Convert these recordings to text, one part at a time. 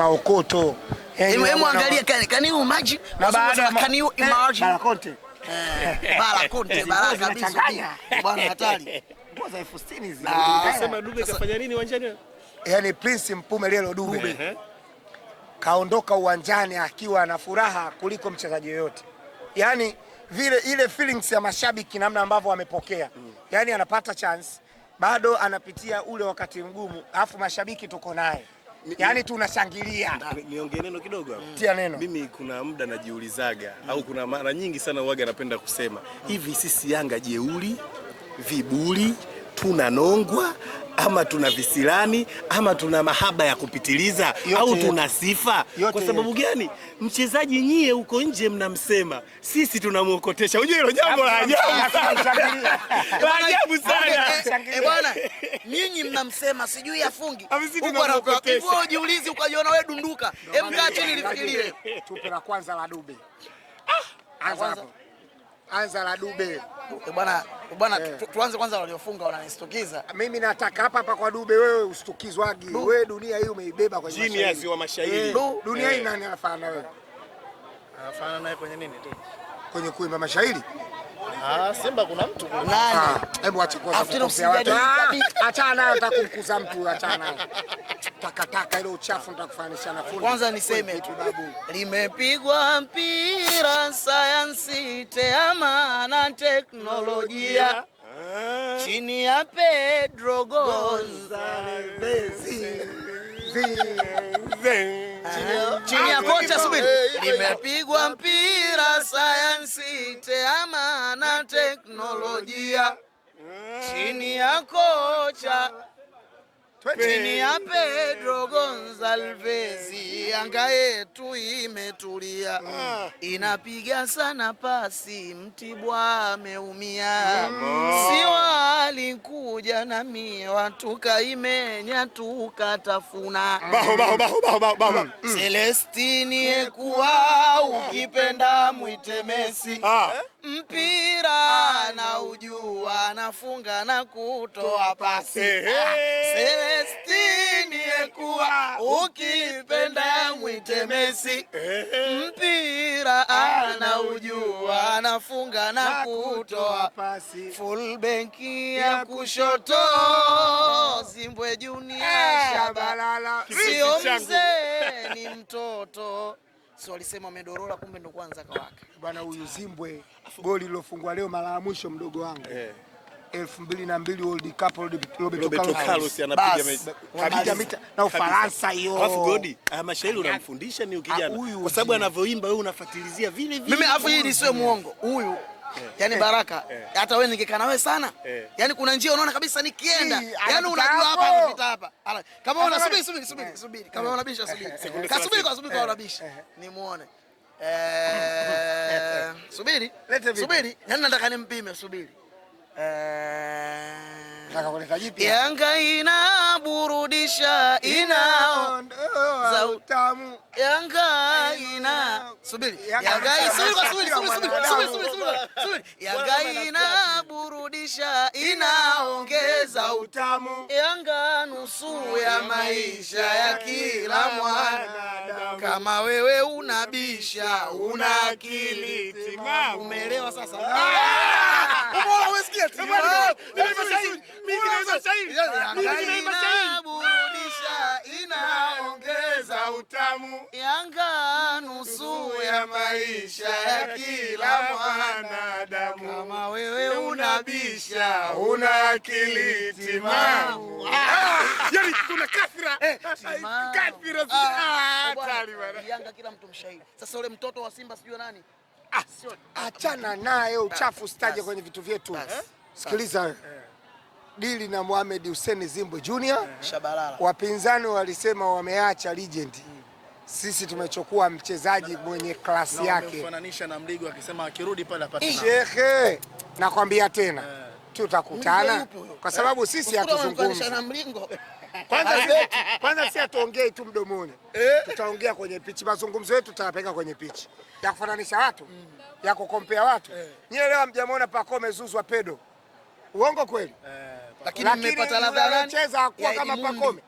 maokoto. Hebu hebu angalia kani kani huu maji Na baada ya kani huu imaji Bala Conte. Eh, Bala Conte, Bala kabisa. Bwana hatari. Ngoza elfu sitini hizi. Ah. nasema Dube kafanya nini uwanjani? Yaani Prince Mpume Lelo Dube eh? kaondoka uwanjani akiwa na furaha kuliko mchezaji yoyote. Yaani vile ile feelings ya mashabiki namna ambavyo wamepokea. Yaani anapata chance bado anapitia ule wakati mgumu, afu mashabiki tuko naye yani tunashangilia. Niongee neno kidogo hapo. Tia neno. Mimi kuna muda najiulizaga mm. au kuna mara nyingi sana uwaga napenda kusema hivi, sisi Yanga jeuri, tuna tunanongwa ama tuna visilani ama tuna mahaba ya kupitiliza yote, au tuna sifa yote. Kwa sababu gani? Mchezaji nyie huko nje mnamsema, sisi tunamwokotesha. Unajua hilo jambo la ajabu sana, la ajabu sana Eh bwana, ninyi mnamsema sijui afungi. Huko jiulizi ukajiona wewe dunduka. Hem, kaa chini lifikirie. Tupe la kwanza la Dube. Ah, Anza hapo. Anza la Dube. Eh bwana, bwana eh. tuanze kwanza waliofunga wananistukiza. Mimi nataka hapa hapa kwa Dube wewe usitukizwagi. Wewe dunia hii umeibeba kwa jini ya ziwa mashairi. Eh, eh, dunia hii nani anafana wewe? Anafana naye kwenye nini tu? Kwenye kuimba mashairi. Ah, Simba kuna mtu Nani? Ah, hebu acha kwanza kukosea watu. Ah, mtu, Takataka ile uchafu nitakufananisha na fundi. Kwanza niseme tu babu. Limepigwa mpira sayansi, teama na teknolojia ah. chini ya Pedro Gonzalez chini ya kocha subiri, limepigwa eh, mpira sayansi, tehama na teknolojia chini ya kocha Chini ya Pedro Gonzalez, anga yetu imetulia, ah. inapiga sana pasi, Mtibwa ameumia, sio alikuja na miwa, tukaimenya tukatafuna. Mm. Celestini mm. ekuwa ukipenda mwitemesi ah mpira na ujua nafunga na kutoa pasi. Ah, Celestini yekuwa ukipenda mwite Messi. Mpira ana ah, ujua anafunga na kutoa pasi. Full bank ya kushoto Zimbwe Junior eh, Shabalala, sio mzee ni mtoto so alisema amedorola, kumbe ndo kwanza kawaka bwana huyu Zimbwe. Goli lilofungwa leo mara ya mwisho mdogo wangu eh. elfu mbili na mbili World Cup Roberto Carlos anapiga kabisa mita na Ufaransa hiyo. Alafu Godi, haya ah, ah, mashairi unamfundisha ni ukijana, ah, kwa sababu anavyoimba wewe unafuatilizia vile vile. Mimi afu hii ni sio muongo huyu yani baraka hata wewe ningekaa wewe sana yani kuna njia unaona kabisa nikienda yani unajua hapa anapita hapa kama unasubiri subiri subiri eh. subiri kama eh. bisha subiri kasubiri kwa subiri kwa eh. unabisha nimuone eh subiri subiri yani nataka nimpime subiri eh Yanga inaburudisha inaondoa za utamu. Yanga ina subiri, Yanga subiri, subiri, Yanga ina burudisha, inaongeza utamu. Yanga nusu ya maisha ya kila mwana Kama wewe unabisha, una akili timamu. Umeelewa sasa? Ah! Ah! Umeona, umesikia? Yaani mimi nimesema shairi, yaani mimi nimesema shairi, maisha inaongeza utamu, Yanga nusu ya maisha ya kila mwanadamu. Kama wewe unabisha una akili timamu ah! yani kafira kafira Yanga kila mtu mshahidi. Sasa ule mtoto wa Simba sijua nani, ah, achana naye uchafu, ah, usitaje kwenye vitu vyetu. Sikiliza wewe eh dili na Mohamed Hussein Zimbo Junior. Eh. Shabalala. Wapinzani walisema wameacha legend. Sisi tumechukua mchezaji mwenye klasi yake. na akisema akirudi pale Shehe, nakwambia tena eh. tutakutana kwa sababu eh. sisi hatuzungumzi. Kwanza si hatuongei tu mdomoni, tutaongea kwenye pichi. Mazungumzo yetu tutayapeka kwenye pichi ya kufananisha watu mm, ya kukompea watu eh. Nyewe leo mjamwona Pacome zuzwa pedo, uongo kweli eh? lakini mmepata ladha gani? Cheza kwa kama Pacome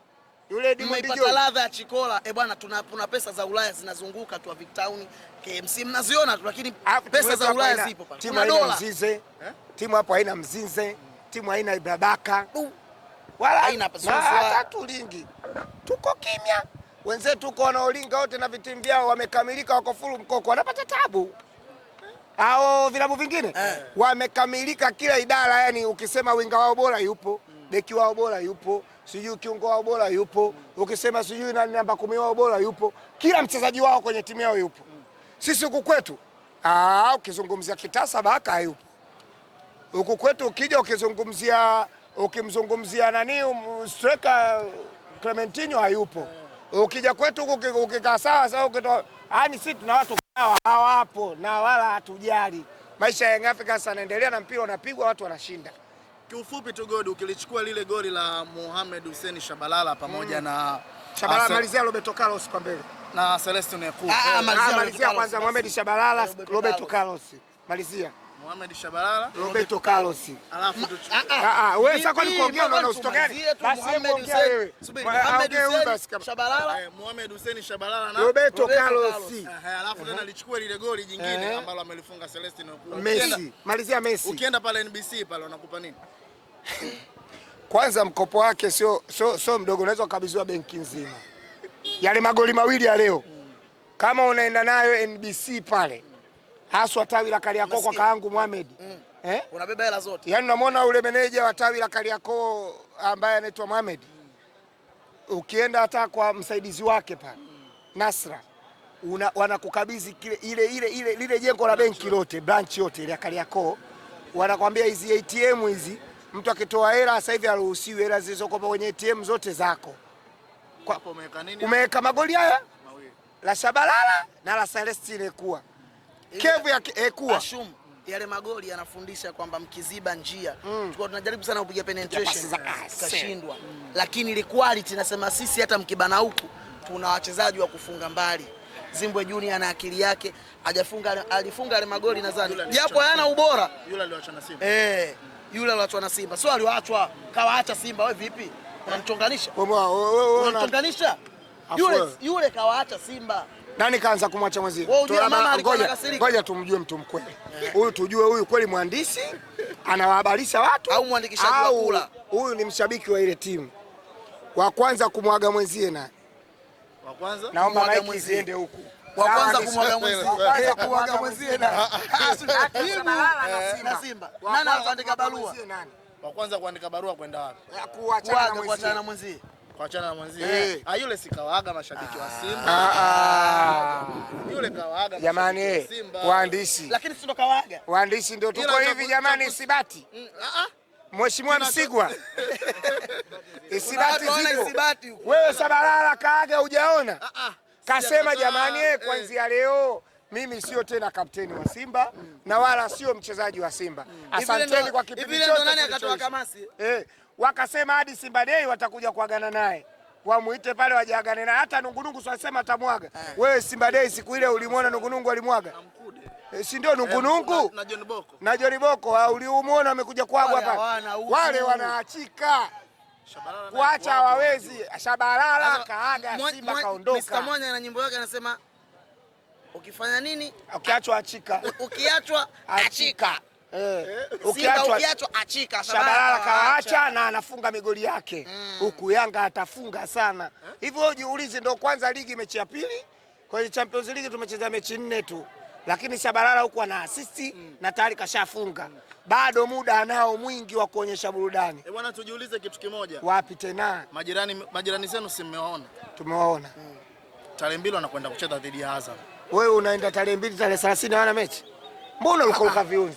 yule mmepata ladha ya Chikola. Eh bwana, tuna kuna pesa za Ulaya zinazunguka tu Vic Town, KMC mnaziona tu, lakini ah, pesa za Ulaya zipo pale. Timu haina mzinze, eh? timu hapo haina mzinze, timu haina ibadaka wala haina pesa ah, tulingi, tuko kimya. Wenzetu uko wanaolinga wote na vitimu vyao wamekamilika, wako full mkoko, wanapata tabu hao vilabu vingine eh, wamekamilika kila idara, yani ukisema winga wao bora yupo, beki wao bora yupo, sijui kiungo wao bora yupo, mm, ukisema sijui nani namba kumi wao bora yupo, kila mchezaji wao kwenye timu yao yupo. Mm, Sisi huku kwetu ah, ukizungumzia kitasa baka hayupo huku kwetu. Ukija ukizungumzia ukimzungumzia nani um, striker Clementinho hayupo. Ukija kwetu huku ukikaa sawa sawa, ukitoa yani sisi tuna watu hawa hawapo na wala hatujali. Maisha ya Young Africans anaendelea na mpira unapigwa, watu wanashinda. Kiufupi tu God, ukilichukua lile goli la Mohamed Hussein Shabalala pamoja mm. na Shabalala malizia Roberto Carlos kwa mbele na Celestine Eku. Ah, malizia ah, kwanza Mohamed Shabalala Roberto Carlos. Malizia. Mohamed Shabalala, Roberto Carlos. Alafu ah, ah. Ah, wewe sasa kwani kuongea unaona Basi ongea wewe. Shabalala, eh, Mohamed Hussein Shabalala na Roberto Carlos. Eh, eh, alafu tena uh-huh. alichukua lile goli jingine ambalo amelifunga Celestino Messi. Malizia Messi. Ukienda pale NBC pale nini? Kwanza mkopo wake sio sio sio mdogo, unaweza kukabidhiwa benki nzima. Yale magoli mawili ya leo. Mm. Kama unaenda nayo NBC pale haswa tawi la Kariakoo kwa kaangu Mohamed mm. eh? unabeba hela zote yaani, unamwona yule meneja wa tawi la Kariakoo ambaye anaitwa Mohamed mm. ukienda hata kwa msaidizi wake pale mm. Nasra wanakukabidhi ile ile ile ile lile jengo la benki lote branch yote ile ya Kariakoo, wanakwambia hizi ATM hizi, mtu akitoa hela sasa hivi haruhusiwi, hela zilizokopa kwenye ATM zote zako. Umeweka magoli haya la Shabalala na la Celestine kuwa kevu ya kuwa Ashum yale magoli yanafundisha kwamba mkiziba njia mm. Tulikuwa tunajaribu sana kupiga penetration tukashindwa, mm. Lakini ile quality nasema sisi hata mkibana huku tuna wachezaji wa kufunga mbali. Zimbwe Junior ana akili yake, ajafunga alifunga yale magoli nadhani, japo hayana ubora. Yule aliachwa na Simba eh, yule aliachwa na Simba, sio aliachwa, kawaacha Simba. Wewe vipi, unamchonganisha? Unamchonganisha yule yule, kawaacha Simba. Nani kaanza kumwacha mwenzie? Ngoja ngoja tumjue mtu mkweli huyu yeah. Tujue huyu kweli mwandishi anawahabarisha watu au mwandikishaji wa kula. Huyu ni mshabiki wa ile timu wa kwanza kumwaga mwenzie na wa kwanza, naomba maiki ziende huku wa kwanza kumwaga mwenzie, wa kwanza kumwaga mwenzie ah, ah, ah. na timu na Simba. Nani anaandika barua? Wa kwanza kuandika barua kwenda wapi? Kuachana na mwenzie Kuachana na mwenzie. eh. Ah, yule sikawaga ah. ah, ah. mashabiki wa Simba. Ah. ah. Yule kawaga jamani, waandishi. Lakini si ndo kawaaga. Waandishi ndio tuko hivi jamani, isibati. Mm, ah ah. Mheshimiwa Msigwa. Isibati zipo. Wewe Sabalala kaaga hujaona? Ah ah. Kasema jamani, eh, eh, kuanzia leo mimi sio tena kapteni wa Simba na wala sio mchezaji wa Simba. Mm. Asanteni kwa kipindi chote. Hivi ndio nani akatoa kamasi? Eh wakasema hadi Simba Day watakuja kuagana naye wamuite pale wajaagane na hata nungunungu swasema atamwaga eh. Wewe Simba Day siku ile ulimwona nungunungu alimwaga eh, si ndio nungunungu eh, na John Boko na John Boko ah, amekuja kuagwa hapa, wale wanaachika kuacha hawawezi. Shabalala kaaga Simba kaondoka. Mwanya na nyimbo yake anasema ukifanya nini? Ukiachwa achika, ukiachwa achika. Eh. ukiachwa achika. Shabalala kaacha na anafunga migoli yake mm. huku mm. Yanga atafunga sana hivyo eh? Jiulize, ndio kwanza ligi mechi ya pili kwenye Champions League tumecheza mechi nne tu, lakini Shabalala huku ana assist mm. na tayari kashafunga mm. Bado muda anao mwingi wa kuonyesha burudani Eh, bwana tujiulize kitu kimoja, wapi tena majirani, majirani zenu si mmewaona? Tumewaona mm. tarehe mbili wanakwenda kucheza dhidi ya Azam. Wewe unaenda tarehe mbili tarehe 30 hawana mechi mbona ukaruka viunzi?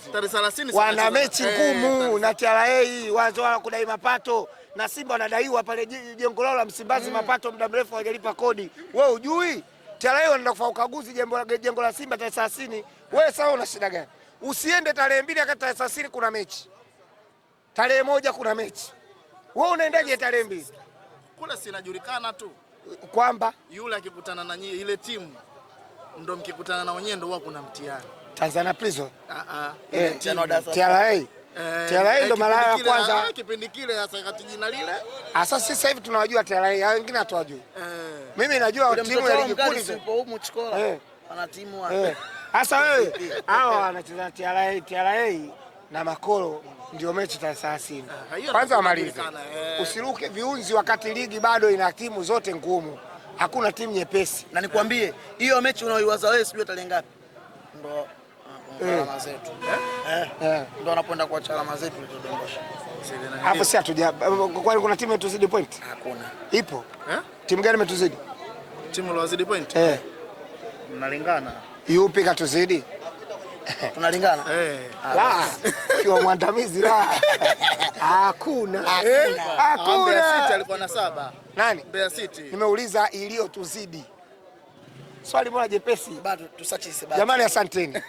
Wana mechi eh, ngumu na TRA, wazo wala kudai mapato na Simba wanadaiwa pale jengo lao la Msimbazi mm. mapato muda mrefu hawajalipa kodi. Wewe hujui TRA wanaenda kufanya ukaguzi jengo la Simba tarehe 30. Wewe sawa, una shida gani? Usiende tarehe mbili akati tarehe 30 kuna mechi, tarehe moja kuna mechi, wewe unaendaje tarehe mbili? Kula sinajulikana tu kwamba yule akikutana na nyie ile timu ndo mkikutana na wenyewe ndo huwa kuna mtihani. Tanzania Prison TRA. TRA ndo mara ya kwanza ah, kipindi kile, sasa kati jina lile. Ah, sasa sasa hivi tunawajua TRA, hao wengine hatuwajui. Eh. Mimi najua timu ya ligi kuu eh. ana timu Eh. Sasa wewe hao wanacheza TRA, TRA na Makolo ndio mechi tarehe ah, Kwanza wamalize, eh. usiruke viunzi wakati ligi bado ina timu zote ngumu, hakuna timu nyepesi. Na nikwambie hiyo mechi unaoiwaza wewe, sijui tarehe ngapi Ndio Eh. alama zetu eh? Eh. ndio wanapoenda kuacha alama zetu litodondosha. Hapo si hatuja. Kwani kuna timu imetuzidi point? Hakuna. Ipo? Eh? Timu gani imetuzidi? Timu iliyozidi point? Eh. Mnalingana. Yupi katuzidi? Tunalingana? Eh. Ah. La. Kiwa mwandamizi la. Hakuna. Hakuna. Mbeya City alikuwa na saba. Nani? Mbeya City. Nimeuliza iliyotuzidi swali mbona jepesi. Bado tusachishe bado. Jamani asanteni.